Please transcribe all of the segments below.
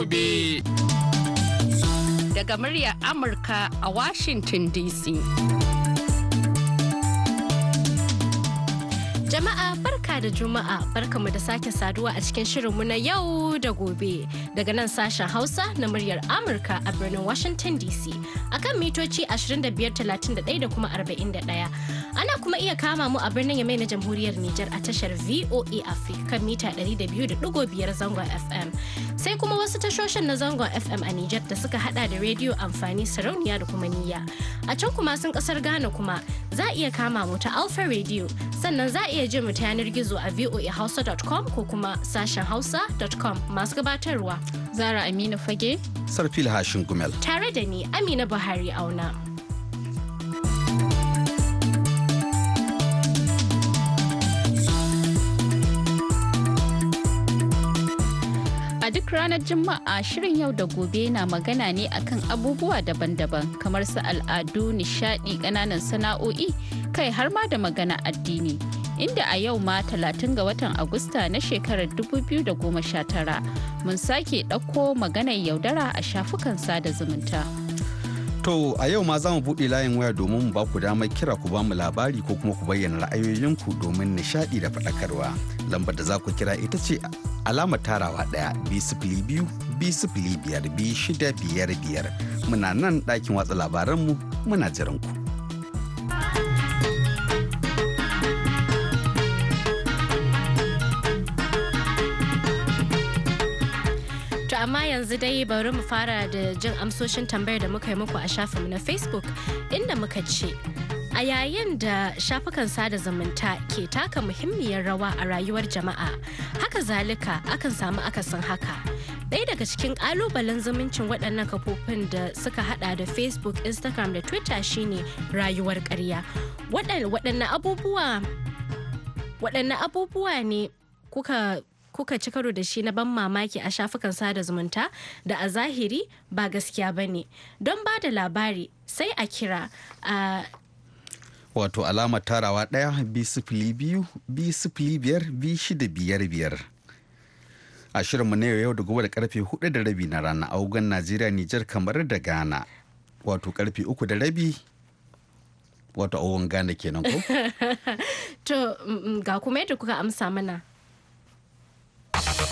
gobe. Daga muryar Amurka a Washington DC. Jama'a barka da Juma'a mu da sake saduwa a cikin shirinmu na yau da gobe daga nan sashen Hausa na muryar Amurka a birnin Washington DC akan mitoci 31 da kuma 41. Ana kuma iya kama mu a birnin Yamai na Jamhuriyar Nijar a tashar VOA Africa kan mita 200.5 zangon FM. Sai kuma wasu tashoshin na zangon FM a Nijar da suka hada da rediyo amfani sarauniya da kuma niyya. A can kuma sun kasar Ghana kuma za a iya kama mu ta Alfa Radio sannan za a iya jin mu ta yanar gizo a voahausa.com ko kuma sashen hausa.com masu gabatarwa. Zara Aminu Fage. Sarfil Hashin Gumel. Tare da ni Amina Buhari Auna. ranar Juma'a shirin yau da gobe na magana ne akan abubuwa daban-daban kamar su al'adu, nishaɗi, ƙananan sana'o'i, kai har ma da magana addini. Inda a yau ma 30 ga watan Agusta na shekarar 2019 mun sake ɗauko maganar yaudara a shafukan sada zumunta. To a yau ma za mu buɗe layin waya domin mu ba ku damar kira ku ba mu labari ko kuma ku bayyana ra'ayoyinku domin nishaɗi da faɗakarwa. Lambar da za ku kira ita ce alama tarawa ɗaya bi sifili biyu bi biyar shida biyar biyar. Muna nan ɗakin watsa labaranmu muna jiran ku. amma yanzu dai bari mu fara da jin amsoshin tambayar da muka yi muku a shafinmu na Facebook inda muka ce A yayin da shafukan sada zumunta ke taka muhimmiyar rawa a rayuwar jama'a, haka zalika akan samu akasin haka. Ɗaya daga cikin ƙalubalen zumuncin waɗannan kafofin da suka hada da Facebook, Instagram da Twitter shine rayuwar ƙarya. Waɗanne abubuwa ne kuka kuka ci karo da shi na ban mamaki a shafukan sada zumunta da a zahiri ba gaskiya ba ne don ba da labari sai a kira a wato alamar tarawa ɗaya biyu biyar shida biyar biyar a shirinmu na yau da gobe da karfe hudu da rabi na rana a wugan najeriya nijar kamar da ghana wato karfe uku da rabi wato a wugan ghana kenan ko to ga kuma yadda kuka amsa mana To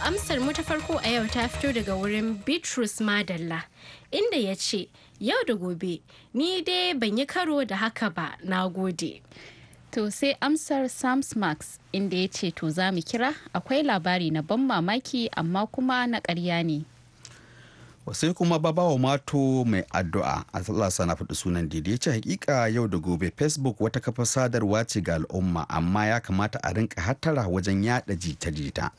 amsar mu ta farko a yau ta fito daga wurin Bitrus Madalla inda ya ce yau da gobe ni dai ban yi karo da haka ba na gode. To sai amsar Sams Max inda ya ce to za mu kira akwai labari na ban mamaki amma kuma na ƙarya ne. sai kuma babawa mato mai addu'a a tsallasa na faɗi sunan daidai ya ce hakika yau da gobe facebook wata kafa sadarwa ce ga al'umma amma ya kamata a rinka hattara wajen yada jita-jita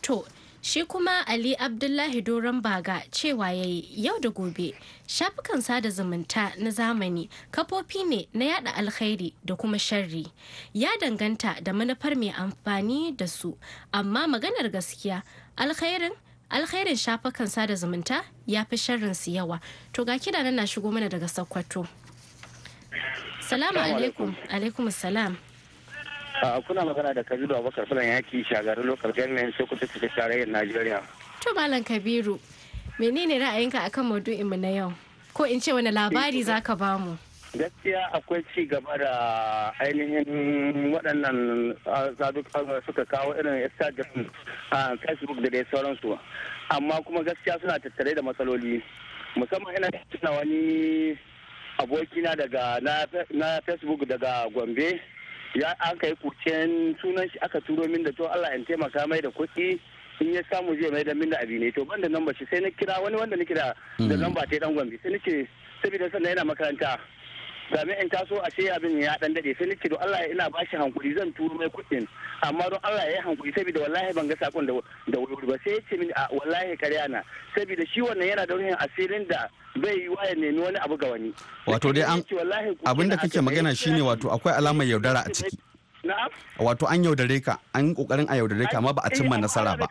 to shi kuma ali abdullahi doron baga cewa ya yi yau da gobe shafukan sada zumunta na zamani kafofi ne na yada alkhairi da kuma sharri ya danganta da manufar mai amfani da su amma maganar gaskiya alkhairin alkhairin shafukan sada zumunta ya fi sharrin su yawa to ga kida na shigo mana daga sokoto salamu alaikum alaikum salam kuna magana da kabiru abubakar fulan yaki shagarin lokal sai sokoto cikin tarayyar najeriya to malam kabiru menene ra'ayinka akan maudu'in mu na yau ko in ce wani labari eh, zaka bamu gaskiya akwai ci gaba da ainihin waɗannan zaduka suka kawo irin instagram facebook da dai sauransu amma kuma gaskiya suna tattare da matsaloli musamman ina tuna wani abokina daga na facebook daga gombe ya an kai kucin sunan shi aka turo min da to allah in taimaka mai da kuɗi in ya samu zai mai da min da abi ne to banda nan shi sai na kira wani wanda na kira da nan ba mm. ta dan gombe sai nake sabida sannan yana makaranta sami in taso a ce abin ya dan dade sai nake don Allah ya ina bashi hankuri zan turo mai kuɗin amma don Allah ya yi hankuri saboda wallahi ban ga sakon da da wuri ba sai yace ce mini wallahi karya na saboda shi wannan yana da ruhin asirin da bai yi waye nemi wani abu ga wani wato dai an abinda kake magana shine wato akwai alamar yaudara a ciki Na'am. wato an yaudare ka an kokarin a yaudare ka amma ba a cimma nasara ba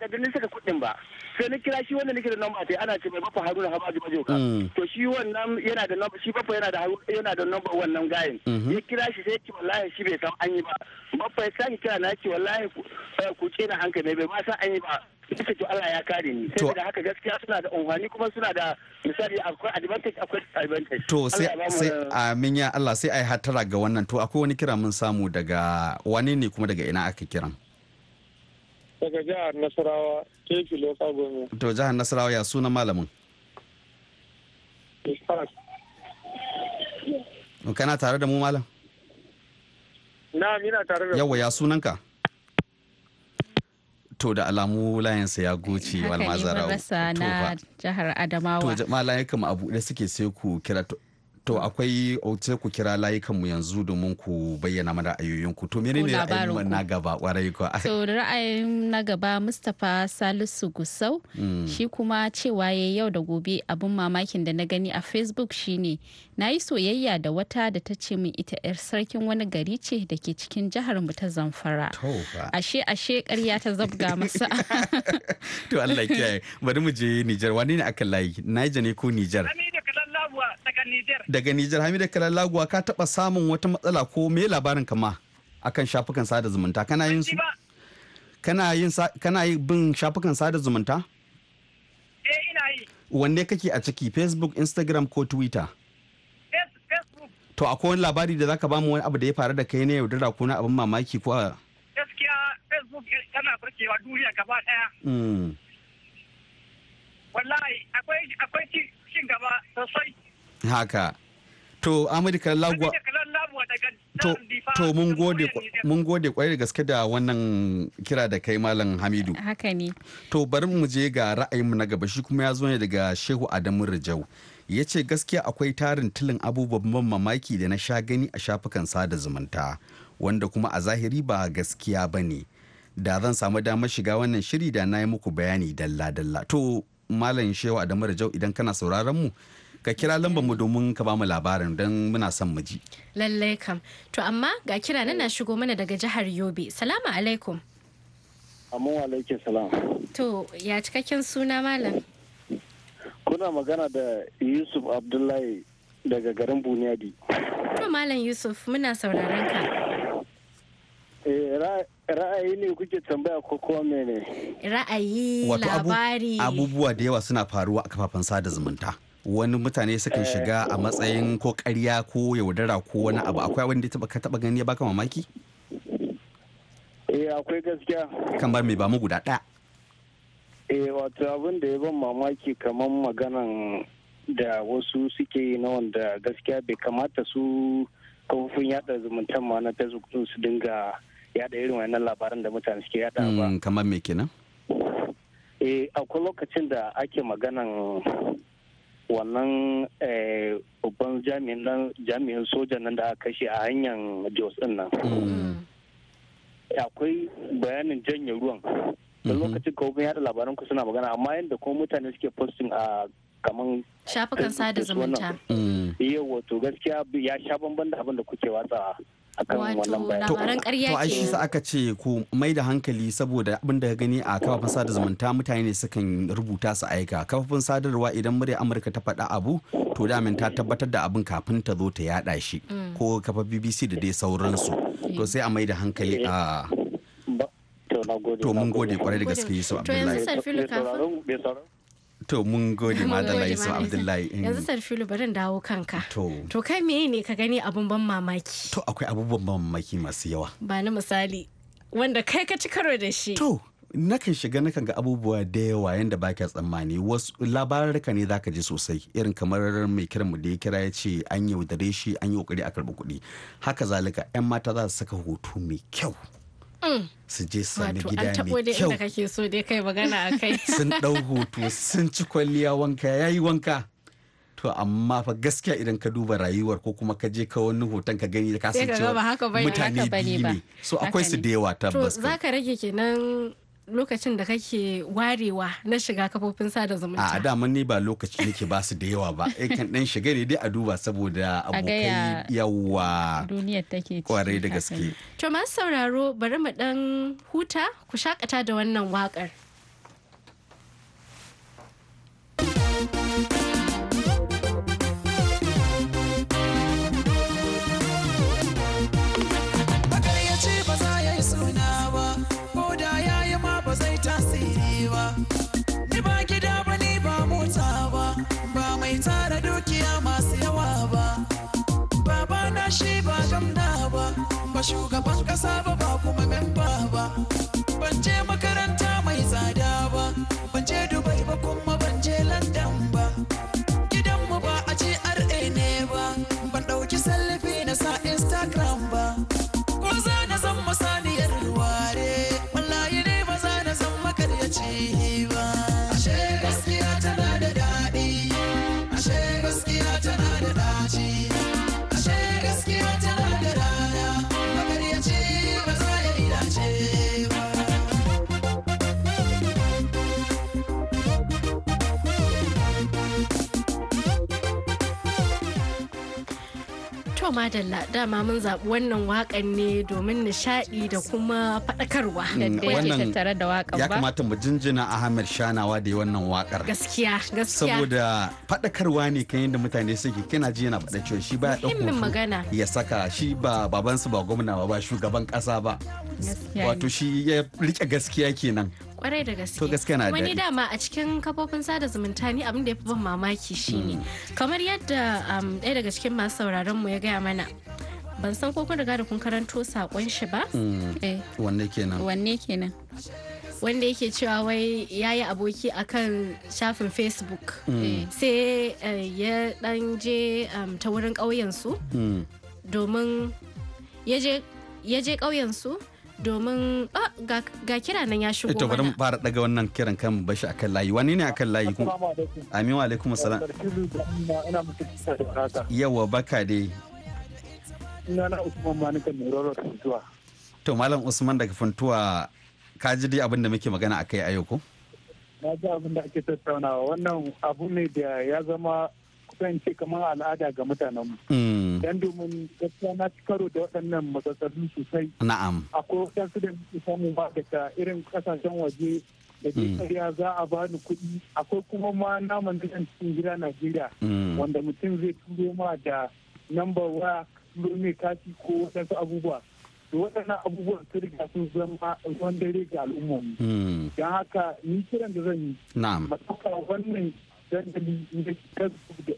sai na kira shi wanda nake da namba tai ana ce mai bafa haruna haba ji bajoka mm. to shi wannan yana da namba shi bafa yana da Haruna yana da namba wannan gayin mm-hmm. ya kira shi sai ce wallahi shi bai san an yi ba bafa ya sake kira na ce wallahi ku eh, ce na hankali bai ma san an yi ba ita to Allah ya kare ni sai da haka gaskiya suna da umfani kuma suna da misali akwai advantage akwai advantage to sai sai eh, amin ya Allah sai ai hatara ga wannan to akwai wani kira mun samu daga wani ne kuma daga ina aka kiran daga jihar Nasarawa Tefi Loka Gome to jihar Nasarawa ya suna malamin kana tare da mu malam na mina tare da yawa ya sunanka to da alamu layansa ya goce wal na jihar adamawa to jama'a layukan a buɗe suke sai ku kira to mm. akwai ote oh, ku kira layukan mu yanzu domin ku bayyana mana ku to menene ne ra'ayin na gaba kwarai ko so ra'ayin na gaba Mustapha Salisu Gusau mm. shi kuma cewa ya yau da gobe abun mamakin da na gani a Facebook shine na yi soyayya da wata da ta ce min ita yar sarkin wani gari ce da ke cikin jihar mu ta Zamfara ashe ashe ƙarya ta zabga masa to Allah kiyaye bari mu je Nijar wani ne akan layi Niger ne ko Nijar Kalalaguwa daga Nijar. Daga Nijar Hamida Kalalaguwa ka taɓa samun wata matsala ko me labarin kama akan shafukan sada zumunta kana yin su? Kana yin kana bin shafukan sada zumunta? Eh ina yi. Wanne kake a ciki Facebook, Instagram ko Twitter? Facebook. To akwai wani labari da zaka bamu wani abu da ya faru da kai ne yaudara dara kuna abin mamaki ko a Gaskiya Facebook tana barkewa duniya gaba daya. Hmm. Wallahi akwai akwai cin gaba sosai. Haka. To Amadu Kalagwa. To, to mun gode mun gode kwarai da gaske da wannan kira da kai malam Hamidu. Haka ne. To bari mu je ga ra'ayin mu na gaba shi kuma ya zo ne daga Shehu Adamu Rijau. Ya ce gaskiya akwai tarin tilin abubuwan mamaki da na sha gani a shafukan sada zumunta wanda kuma a zahiri ba gaskiya ba ne. da zan samu damar shiga wannan shiri da na yi muku bayani dalla-dalla. To, malam shewa da mara jau idan kana sauraron mu ka kira lambar mu domin ka ba mu labarin don muna son mu ji lallai kam to amma ga kira nan na shigo mana daga jihar yobe salamu alaikum amma alaikum salam to ya cikakken suna malam kuna magana da yusuf abdullahi daga garin buniyadi to malam yusuf muna sauraron ka eh, Ra'ayi ne kuke tambaya ko kuma mene? Ra'ayi, labari. Abubuwa da yawa suna faruwa a kafafen sada zumunta. wani mutane sukan eh. shiga a matsayin ko ƙarya ko yaudara ko wani abu akwai wanda ka taba gani ya baka mamaki? eh akwai gaskiya kan ba mai ba mu guda ɗaya eh wato abin da ya ban mamaki kamar maganan da wasu suke yi na wanda gaskiya bai kamata su kafofin yada zumuntan ma na facebook su dinga yada irin wannan labaran da mutane suke yada ba mm, kamar me kenan eh akwai lokacin da ake maganan wannan eh, babban jami'in sojan nan da aka kashe a hanyar jos din nan mm. akwai bayanin janye ruwan da mm-hmm. lokacin kawai yada labaran ku suna magana amma yadda kuma mutane suke posting a kaman shafukan sada zumunta mm. yawa to gaskiya ya sha bamban da abin da kuke watsa labaran ƙarya ke to ai shi sa aka ce ku mai da hankali saboda abin da gani a kafafen sada zumunta mutane ne sukan rubuta su aika kafafen sadarwa idan murya amurka ta faɗa abu to damin ta tabbatar da abin kafin ta zo ta yaɗa shi mm. ko kafa bbc da dai sauransu to sai a mai da hankali a to mun gode kwarai da gaske sarfi abdullahi to mun gode madalla yusuf abdullahi mm. yanzu sarfilu bari dawo kanka to to kai me ne ka gani abun ban mamaki to akwai abubuwan ban mamaki masu yawa ba na misali wanda kai ka ci karo da shi to nakan shiga nakan ga abubuwa da yawa yanda ba ka tsammani wasu labararka ne zaka ji sosai irin kamar mai kiran mu da ya kira ya ce an yaudare shi an yi kokari a karɓi kuɗi haka zalika 'yan mata za su saka hoto mai kyau Mm. su je su sami gida mai kyau kake so dai kai magana a kai sun dau hoto sun ci kwalliya wanka ya yi wanka to amma fa gaskiya idan ka duba rayuwar ko kuma ka je ka wani hoton ka gani ka san cewa mutane biyu ne so akwai su da yawa tabbas to ka rage kenan lokacin da kake warewa na shiga kafofin sada zumunta a dama ni ba lokaci nake ba su da yawa ba kan dan shiga ne dai a duba saboda abokai yawa duniyar take kwarai da gaske to masu sauraro bari mu dan huta ku shakata da wannan wakar machuca, machuca essa madalla dama mun zaɓi wannan wakan ne domin nishaɗi da kuma faɗakarwa. Mm, ya kamata mu jinjina Ahmed Shanawa da wannan wakar. Gaskiya, gaskiya. Saboda faɗakarwa ne kan yadda mutane suke kina ji yana faɗa cewa shi ba ya magana. Ya saka shi ba babansu ba gwamna ba shugaban ƙasa ba. Wato shi ya riƙe gaskiya kenan. kwarai da gaske to gaske na wani dama a cikin kafofin sada zumunta ni abin da ya fi ban mamaki shine hmm. kamar yadda um, ɗaya daga cikin masu sauraron mu ya gaya mana ban san ko kun riga da kun karanto sakon shi ba hmm. eh. wanne kenan wanne kenan wanda yake cewa wai ya yi aboki a kan shafin facebook hmm. eh, sai eh, ya dan je um, ta wurin ƙauyensu domin ya je ƙauyensu domin ah, ga kira nan ya shigo mana. Ito bari fara daga wannan kiran kan bashi akan layi. Wani ne akan layi ku? Amin wa alaikum salam. Yawa baka dai. Ina na Usman Manika ne Roro Fintuwa. To Malam Usman daga Fintuwa ka ji dai abin da muke magana kai a yau ko? Na ji abin da ake tattaunawa wannan abu ne da ya zama kusan ce kamar al'ada ga mutanenmu. Mm. Dan domin gaskiya na ci karo da waɗannan matsatsalin sosai. Na'am. Akwai waɗansu da muke samu ba daga irin kasashen waje da ke karya mm. za a bani kuɗi akwai kuma ma naman gidan cikin gida Najeriya mm. wanda mutum zai turo ma da namba waya turo mai kashi ko waɗansu abubuwa. da waɗannan abubuwan sun riga sun zama ruwan dare ga al'ummomi. Mm. Don haka ni kiran da zan yi. Na'am. Matsaka wannan dandali na da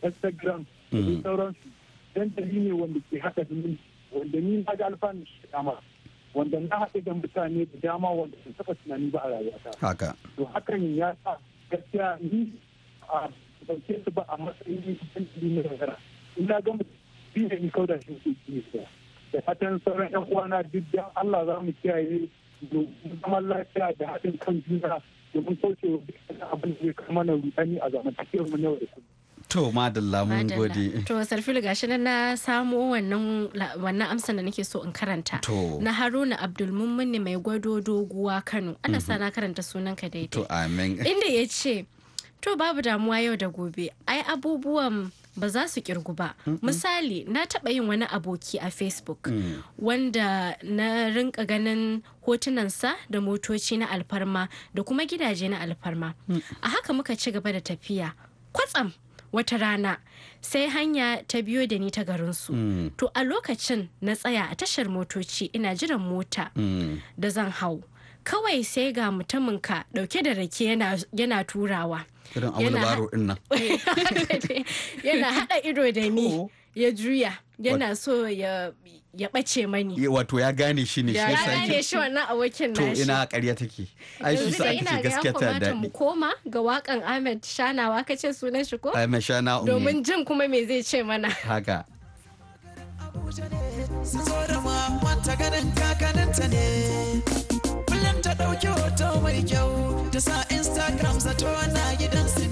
Instagram da sauransu. dandali ne wanda ke haɗa zumunci wanda ni na ga alfanu shi dama wanda na haɗe da mutane da dama wanda sun taɓa tunani ba a rayuwata. Haka. To hakan ya sa gaskiya ni a ɗauke su ba a matsayin ne na ragara. Ina ga mutum da ni da shi su ke da fatan sauran 'yan uwana duk da Allah za mu kiyaye domin zaman lafiya da haɗin kan juna domin kaucewa abin da ya kama na rudani a zamantakewar mu na yau da kullum. To madalla mun gode. To Sarfilu gashi nan na samo wannan wannan da nake so in karanta. To. Na Haruna Abdul mai gwado doguwa Kano. Ana mhm. sa na karanta sunan ka daidai. To amen. Inda ya ce to babu damuwa yau da gobe ai abubuwan ba za su kirgu ba misali na taba yin wani aboki a facebook mm. wanda na rinka ganin hotunansa da motoci na alfarma da kuma gidaje na alfarma mm. a haka muka ci gaba da tafiya kwatsam wata rana sai hanya ta biyo da ni ta garinsu mm. to a lokacin na tsaya a tashar motoci ina jiran mota mm. da zan hau kawai sai ga mutumin ka dauke da rake yana turawa yana haɗa ido da ni ya juya yana so ya ya ɓace mani wato ya gane shi ne shi ya gane shi wannan awakin nashi to ina ƙarya take ai shi sai ake gaskiya ta daɗi mu koma ga wakan Ahmed Shanawa kace sunan shi ko Ahmed Shanawa domin jin kuma me zai ce mana haka ta ganin kakaninta kullum ta ɗauki hoto mai kyau ta sa instagram zato na gidansu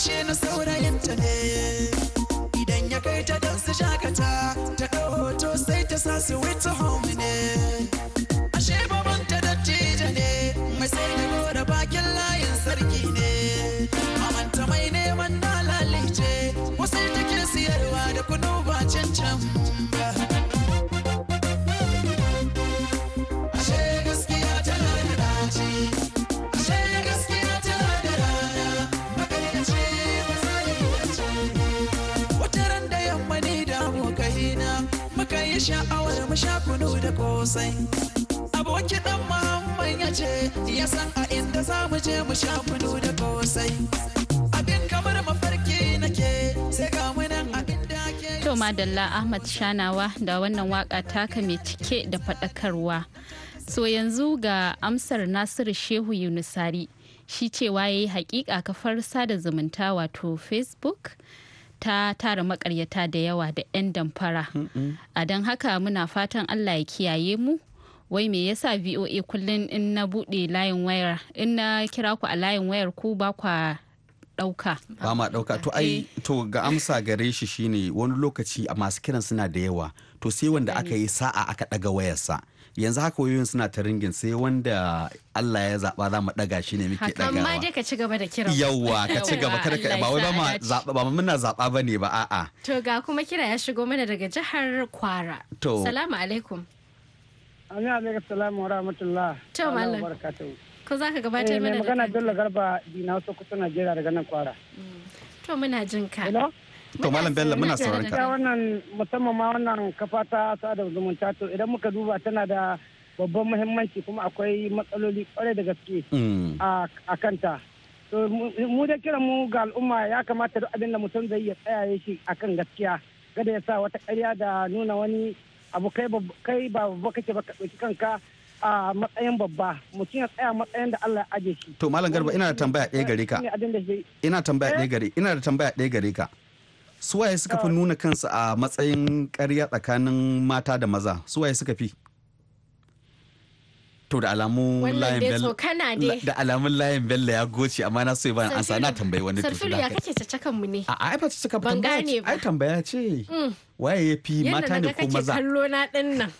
ashe na saurayinta ne idan ya kai ta don su shakata ta ɗau hoto sai ta sa su home sha'awar mu sha kunu da kosai aboki dan muhammad ya ce ya san a inda za mu je mu sha kunu da kosai abin kamar mafarki nake sai ga munan abin da ke to madalla ahmad shanawa da wannan waka taka mai cike da faɗakarwa so yanzu ga amsar nasiru shehu yunusari shi cewa ya yi hakika kafar sada zumunta wato facebook ta tara makaryata da yawa da 'yan damfara a don haka muna fatan allah ya kiyaye mu wai me yasa voa kullum in na buɗe layin wayar in na kira ku a layin wayar ku ba kwa dauka. Ba ma ɗauka. To ai eh. to ga amsa gare shi shine wani lokaci a masu kiran suna da yawa. To sai wanda aka yi sa'a aka ɗaga wayarsa. yanzu haka wayoyin suna ta ringin sai wanda Allah ya zaba za mu daga shi ne muke dagawa. ma dai ka ci gaba da kira. Yawwa ka ci gaba kada ka ba wai ba ma zaba ba muna zaba bane ba a'a. To ga kuma kira ya shigo mana daga jihar Kwara. To. Salamu alaikum. Amin alaikum salamu wa rahmatullah. To mallam. ko za ka gabatar eh, mana da magana Bello Garba Dina kusa Najeriya daga nan kwara. Mm. To muna jin ka. To Malam Bello muna sauran ka. Wannan musamman ma wannan kafata ta zumunta to idan muka duba tana da babban muhimmanci kuma akwai matsaloli kwarai da gaske mm. a kanta. To mu da kiran mu ga al'umma ya kamata duk abin da mutum zai iya tsaya shi akan gaskiya. Kada ya sa wata karya da nuna wani abu kai ba babba kake ba ka ɗauki kanka a matsayin babba mutum ya tsaya matsayin da Allah ya aje shi. To Malam Garba ina da tambaya ɗaya gare ka. Ina tambaya ɗaya eh? gare ina da tambaya ɗaya gare ka. Suwaye suka fi nuna kansu a matsayin ƙarya tsakanin mata da maza suwaye suka fi? To da alamun layin bello da alamun layin bella ya goce amma na so ya bani ansa na tambayi wani tufi. Sarfilu ya kake cakan mu ne? A'a ai ba cacakan ba. Ban gane ba. Ai tambaya ce. Mm. Waye ya fi mata ne ko maza? Yanda na kake kallo na ɗin nan.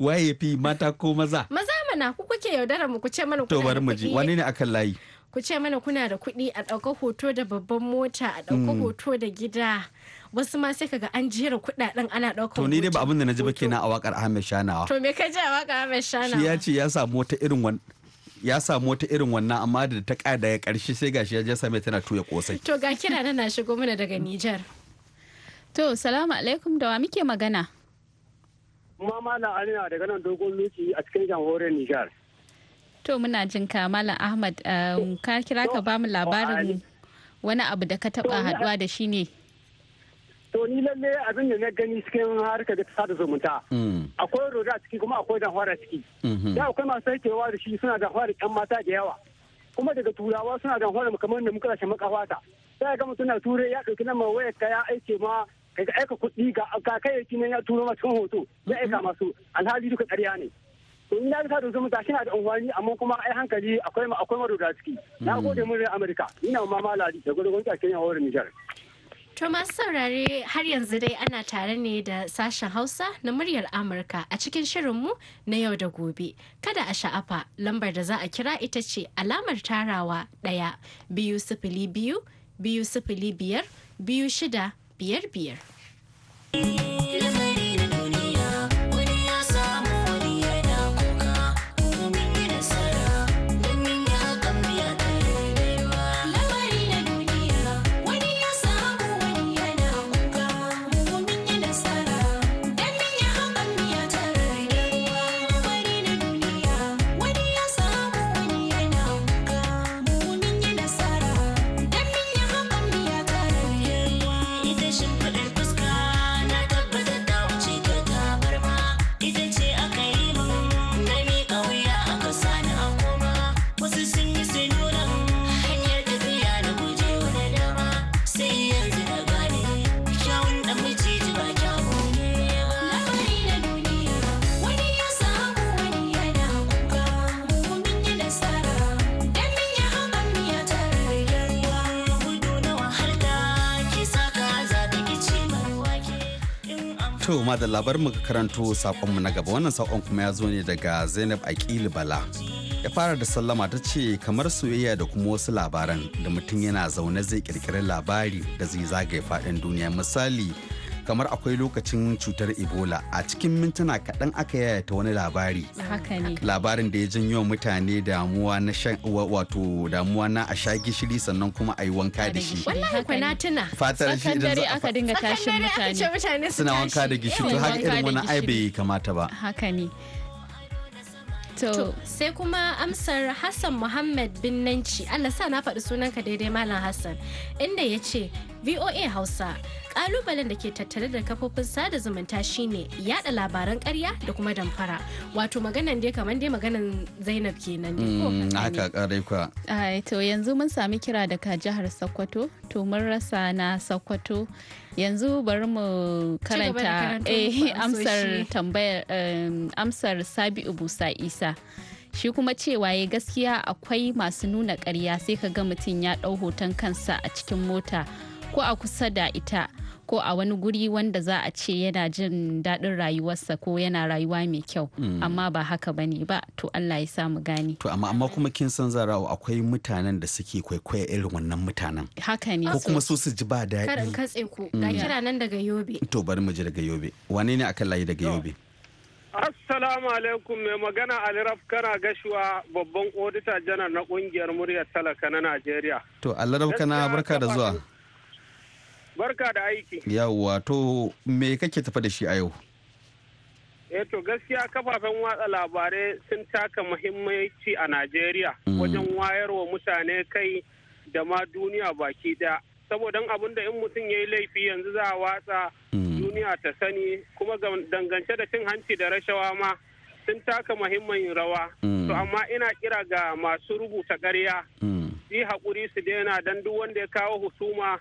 waye fi mata ko maza maza mana ku kuke yaudara mu ku ce mana to bari mu ji wani ne akan layi ku ce mana kuna da kuɗi a ɗauka hoto da babban mota a ɗauka mm. hoto da gida wasu ma sai kaga an jera kuɗaɗen ana ɗauka to ni dai ba abin da na ji ba kenan a wakar Ahmed Shanawa to me ka ji a wakar Ahmed Shanawa shi ya ce ya samu wata irin wani ya samu wata irin wannan amma da ta kada ya karshe sai gashi ya je same tana tuya kosai to ga kira na shigo mana daga Nijar to salamu alaikum da wa muke magana kuma malam alina daga nan dogon lokaci a cikin jamhuriyar nijar to muna jin ka malam ahmad um, ka kira ka ba mu labarin wani abu da ka taba haduwa da shi ne to ni lalle abin da na gani cikin harka da ta da zumunta mm. akwai roda a ciki kuma akwai dahwara ciki mm-hmm. da akwai masu haikewa da shi suna dahwara yan mata da yawa kuma daga turawa suna da dahwara kamar da muka rashin makafata sai ga mutum na turai ya ɗauki nan waya ka ya aike ma ka aika kuɗi ga kayayyaki ne ya turo masu hoto ya mhm. aika masu alhali duka ƙarya ne to ina na ga sadon zumunta shi na da unwani amma kuma ai hankali akwai akwai da ciki na mhm. gode mun rai amurka ina ma malali da gudu gwamnati a kenya wa nijar. to masu saurare har yanzu dai ana tare ne da sashen hausa na muryar amurka a cikin shirin mu na yau da gobe kada a sha'afa lambar da za a kira ita ce alamar tarawa ɗaya biyu sifili biyu biyu sifili biyar biyu shida 别着别着。To ma da labar muka karanto sakonmu na gaba wannan sakon kuma ya zo ne daga Zainab Aqilu Bala. Ya fara da sallama ta ce kamar soyayya da kuma wasu labaran da mutum yana zaune zai kirkiri labari da zai zagaye faɗin duniya misali kamar akwai lokacin cutar ebola a cikin mintuna kaɗan aka yayata wani labari labarin da ya janyo mutane damuwa na wato damuwa na a sha gishiri sannan kuma a yi wanka da shi fatar shi idan za aka dinga tashin mutane suna wanka da gishiri to haka irin wani ai bai kamata ba To, sai kuma amsar Hassan Muhammad bin Nanci, Allah sa na faɗi sunanka daidai Malam Hassan, inda ya ce, VOA Hausa. ƙalubalen da ke tattare da kafofin sada zumunta shine yada labaran karya da kuma damfara. Wato maganan dai kamar dai maganan Zainab kenan ne. Mm, haka ƙarai kwa. Ai to yanzu mun sami kira daga jihar Sokoto, to mun rasa na Sokoto. Yanzu bari mu karanta eh, amsar tambayar amsar Sabi'u Busa Isa. shi kuma cewa ya gaskiya akwai masu nuna ƙarya sai ka ga mutum ya ɗau hoton kansa a cikin mota ko a kusa da ita ko a wani guri wanda za a ce yana jin daɗin rayuwarsa ko yana rayuwa mai kyau mm. amma ba haka ba ne ba to Allah ya samu gani to amma amma kuma kin san zarawa akwai mutanen da suke kwaikwaya irin wannan mutanen haka ne ko kuma su su ji ba daɗi karin katse ku ga mm. kira nan daga Yobe to bari mu ji daga Yobe wane ne akan layi daga Yobe Assalamu alaikum mai magana Raf kana gashuwa babban auditor janar na kungiyar muryar talaka na Najeriya. To Raf kana barka da zuwa. Barka da aiki. Yawwa to me kake tafa da shi a yau? Eh to gaskiya kafafen watsa labarai sun taka muhimmanci a Najeriya mm. wajen wayarwa mutane kai da ma duniya baki da. Saboda abin da in mutum ya yi laifi yanzu za a watsa mm. duniya ta sani kuma dangance da cin hanci da rashawa ma sun taka muhimmin rawa. Mm. To amma ina kira ga masu rubuta ƙarya. Yi haƙuri su daina don duk wanda ya kawo husuma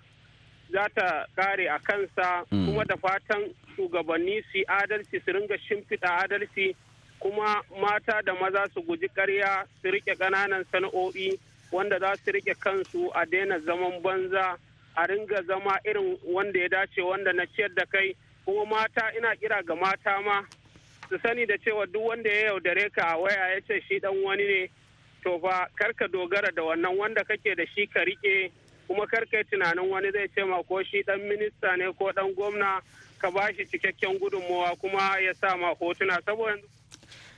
za ta kare a kansa mm. kuma da fatan shugabanni su adalci su ringa shimfiɗa adalci kuma mata da maza su guji karya su rike ƙananan sana'o'i wanda za su rike kansu a daina zaman banza a ringa zama irin wanda ya dace wanda na ciyar da kai kuma mata ina kira ga mata ma su sani da cewa duk wanda ya yaudare ka a waya ya ce shi dan wani ne to kar ka dogara da wannan wanda kake da shi ka rike kuma karkai tunanin wani zai ce ma ko shi dan minista ne ko dan gwamna ka ba shi cikakken gudunmowa kuma ya sa ma hotuna saboda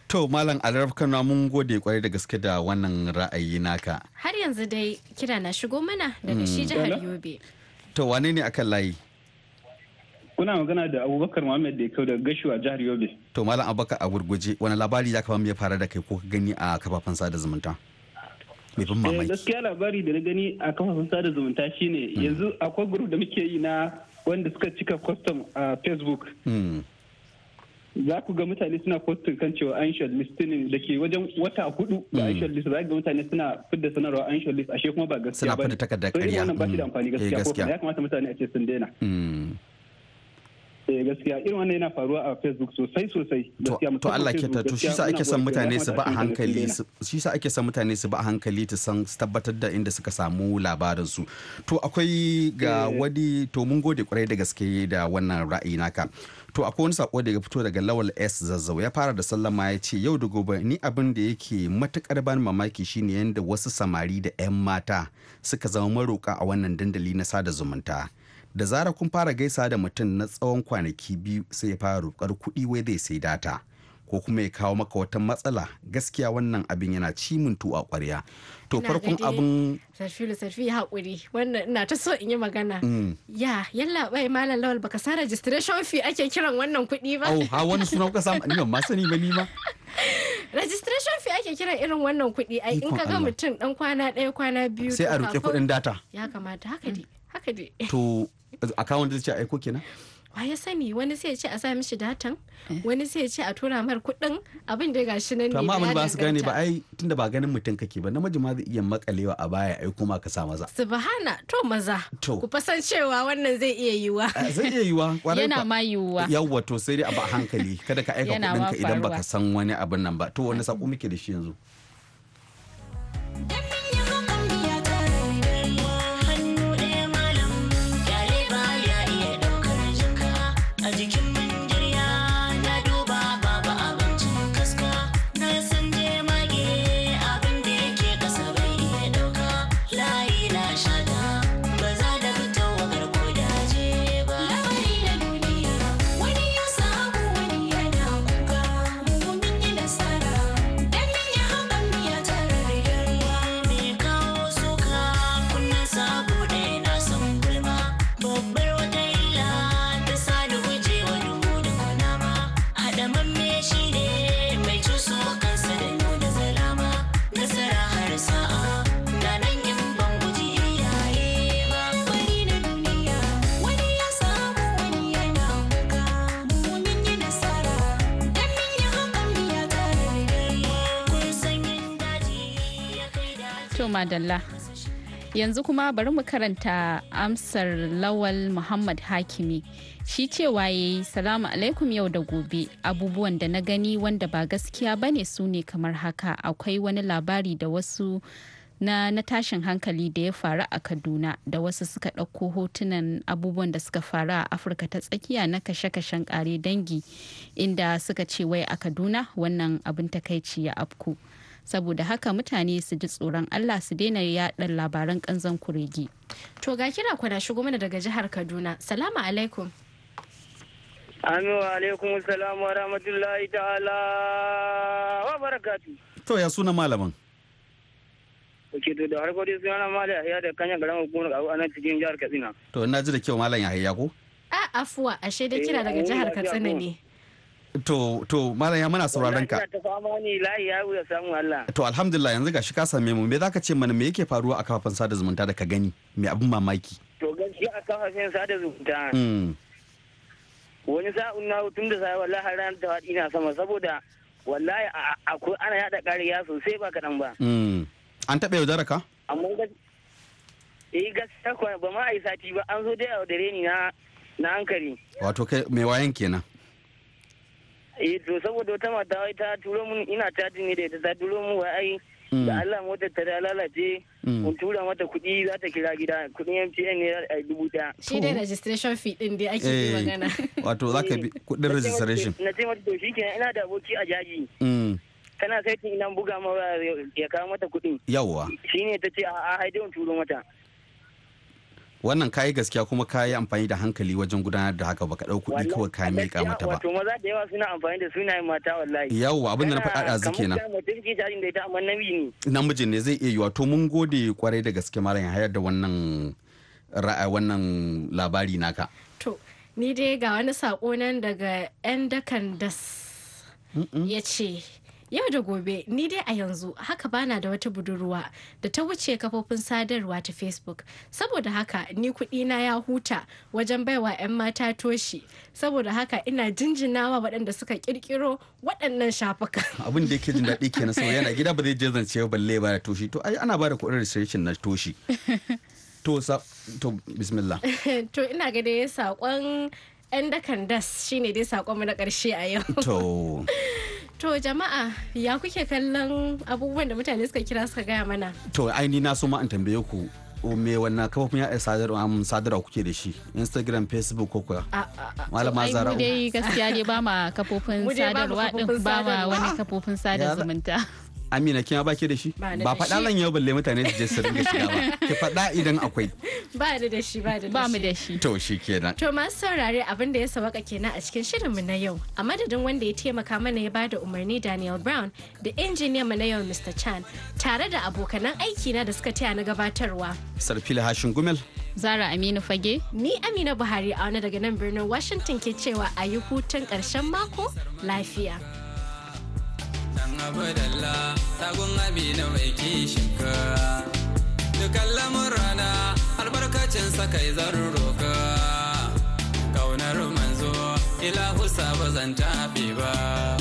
To Malam Alaraf Kano mun gode kwarai da gaske da wannan ra'ayi naka. Har yanzu dai kira na shigo mana daga shi hmm. jihar Yobe. To wane ne akan layi? Kuna magana da Abubakar Muhammad da kyau daga gashuwa jihar Yobe. To Malam Abubakar a gurguje wani labari ya kama ya fara da kai ko gani a kafafen sada zumunta? mai ban eh, mamaki gaskiya labari da na gani a kafafen sada zumunta shine hmm. yanzu akwai group da muke yi na wanda suka cika custom a facebook hmm. za ku ga mutane suna postin kan cewa an shortlist ne da ke wajen wata hudu da an hmm. shortlist za ga mutane suna fidda sanarwa an shortlist ashe kuma ba gaskiya ba suna fidda takardar ƙarya ba shi da amfani eh, gaskiya ko ya kamata mutane a ce sun daina eh gaskiya irin wannan yana faruwa a facebook sosai sosai to Allah ke ta to shi sa ake son mutane su ba a hankali shi sa ake son mutane su ba a hankali ta san tabbatar da inda suka samu labarin su to akwai ga eh. wani to mun gode kwarai da gaske da wannan ra'ayi naka to akwai wani sako da ya fito daga lawal s zazzau ya fara da sallama ya ce yau da gobe ni abin da yake matukar ban mamaki shine yadda wasu samari da 'yan mata suka zama maroka a wannan dandali na sada zumunta da zarar kun fara gaisa da mutum na tsawon kwanaki biyu sai ya fara roƙar kuɗi wai zai sai data ko kuma ya kawo maka wata matsala gaskiya wannan abin yana ci mintu a ƙwarya to farkon abin sarfilu sarfi haƙuri wannan ina ta so in yi magana mm. ya yalla bai malam lawal baka sa registration fee ake kiran wannan kuɗi ba oh ha wani suna kuka samu ni ma sani ba ni ma registration fee ake kiran irin wannan kuɗi ai in ka ga mutum dan kwana ɗaya kwana biyu sai a roƙi kuɗin data ya kamata haka mm. dai haka dai to account zai ce aiko kenan wa ya sani wani sai ya ce a sa mishi datan eh. wani sai ya ce a tura mar kuɗin abin da gashi nan ne amma abin ba su gane ba ai tunda ba ganin mutum kake ba namiji ma zai iya makalewa a baya ai kuma ka sa maza subhana to maza to ku fasan cewa wannan zai iya yiwa ah, zai iya yiwa yana ma yiwa yawwa to sai dai a ba hankali kada ka aika kuɗin ka idan baka san wani abin nan ba to wani sako muke da shi yanzu Dalla. Yanzu kuma bari mu karanta amsar Lawal Muhammad Hakimi. Shi cewa ya salamu alaikum yau da gobe abubuwan da na gani wanda ba gaskiya bane su ne kamar haka akwai wani labari da wasu na, na tashin hankali da ya faru a kaduna da wasu suka ɗauko hotunan abubuwan da suka faru a afirka ta tsakiya na kashe-kashen ƙare dangi inda suka ce wai a kaduna wannan abin takaici ya afku saboda haka mutane su ji tsoron allah su daina yaɗa labaran kanzan kuregi to ga kira ku na shigo mana daga jihar kaduna salamu alaikum Ami wa alaikum salamu wa rahmatullahi ta'ala wa barakatu. To ya suna malaman. Oke to da yasu yana mali a hiyar da kanya garan hukumar a nan cikin jihar Katsina. To ina ji da kyau malam Yahaya ko? A afuwa ashe da kira daga eh, jihar Katsina ne. To, to, malam ya muna sauraron ka. ta fama ne layi ya wuya samu Allah. To, alhamdulillah yanzu gashi ka same mu. Me zaka ce mana me yake faruwa a kafafen sada zumunta da ka gani? Me abin mamaki? To, gaskiya a kafafen sada zumunta. Hmm. Wani sa'un na tun da sai wallahi ran da faɗi na sama saboda wallahi akwai ana yada ƙarya sosai ba kaɗan ba. Hmm. An taɓa yaudara ka? Amma eh gaskiya ba ma a yi sati ba an zo da yaudare ni na na hankali. Wato kai mai wayan kenan. eh to saboda wata mata wai ta turo mun ina ta ne da ita ta turo mun wai ai da mm. Allah motar ta lalace mm. mun tura mata kuɗi za ta kira gida kuɗin MTN ne a dubu ɗaya. Shi dai registration fee din dai ake yi eh, magana. Wato za ka bi kuɗin registration. Na ce mata to shi kenan ina da aboki a jaji. Kana mm. kai ta ina buga ma ya kawo mata kuɗin. Yawwa. Shi ne ta ce a'a haidai mun turo mata. wannan kayi gaskiya kuma kayi amfani da hankali wajen gudanar da haka baka ɗau kuɗi kawai ka miƙa mata ba wato maza da yawa suna amfani da sunayen mata wallahi na namijin ne zai iya yiwa to mun gode kwarai da gaske mara yin hayar da wannan ra'a wannan labari naka to ni dai ga wani sako nan daga yan dakan das ya ce Yau da gobe ni dai a yanzu haka bana da wata budurwa da ta wuce kafofin sadarwa ta Facebook. Saboda haka ni na ya huta wajen baiwa 'yan mata toshi. Saboda haka ina jinjinawa waɗanda suka kirkiro waɗannan shafuka. Abin da yake jin daɗi kenan sau yana gida ba zai je zance balle ba da toshi to ai ana ba da kuɗin rishirishin na toshi. To sa to bismillah. to ina ga dai saƙon 'yan dakan das shine dai saƙon mu na ƙarshe a yau. To. To jama'a ya kuke kallon abubuwan da mutane suka kira suka gaya mana? To aini na so ma in tambaye ku me wannan kafofin yaɗa sadarwa sadarwa kuke da shi instagram facebook ko kuwa malama zara mu dai um. gaskiya ne ba ma kafofin sadarwa din ba ma wani kafofin sada zumunta Amina kin ba ke da shi? Ba faɗa lan yau balle mutane su je su dinga shiga ba. Ki faɗa idan akwai. Ba da da shi ba da Ba mu da shi. To shi kenan. To masu saurare abin da ya sabaka kenan a cikin shirin mu na yau. A madadin wanda ya taimaka mana ya bada umarni Daniel Brown da injiniyan mu na yau Mr. Chan tare da abokanan aiki na da suka taya na gabatarwa. Sarfila Hashin Gumel. Zara Aminu Fage. Ni Amina Buhari a wani daga nan birnin Washington ke cewa a yi hutun ƙarshen mako lafiya. Dan abu dalla, Amina abi na mai kishin ka. Dukan lamun rana, albarkacin sa kai zan roka. Kaunar manzo, ilahu sa ba zan tafi ba.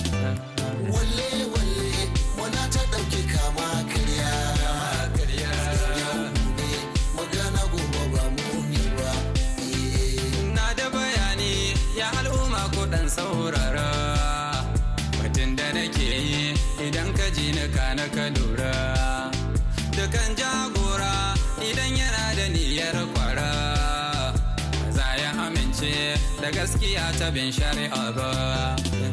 da gaskiya ta bin shari'a ba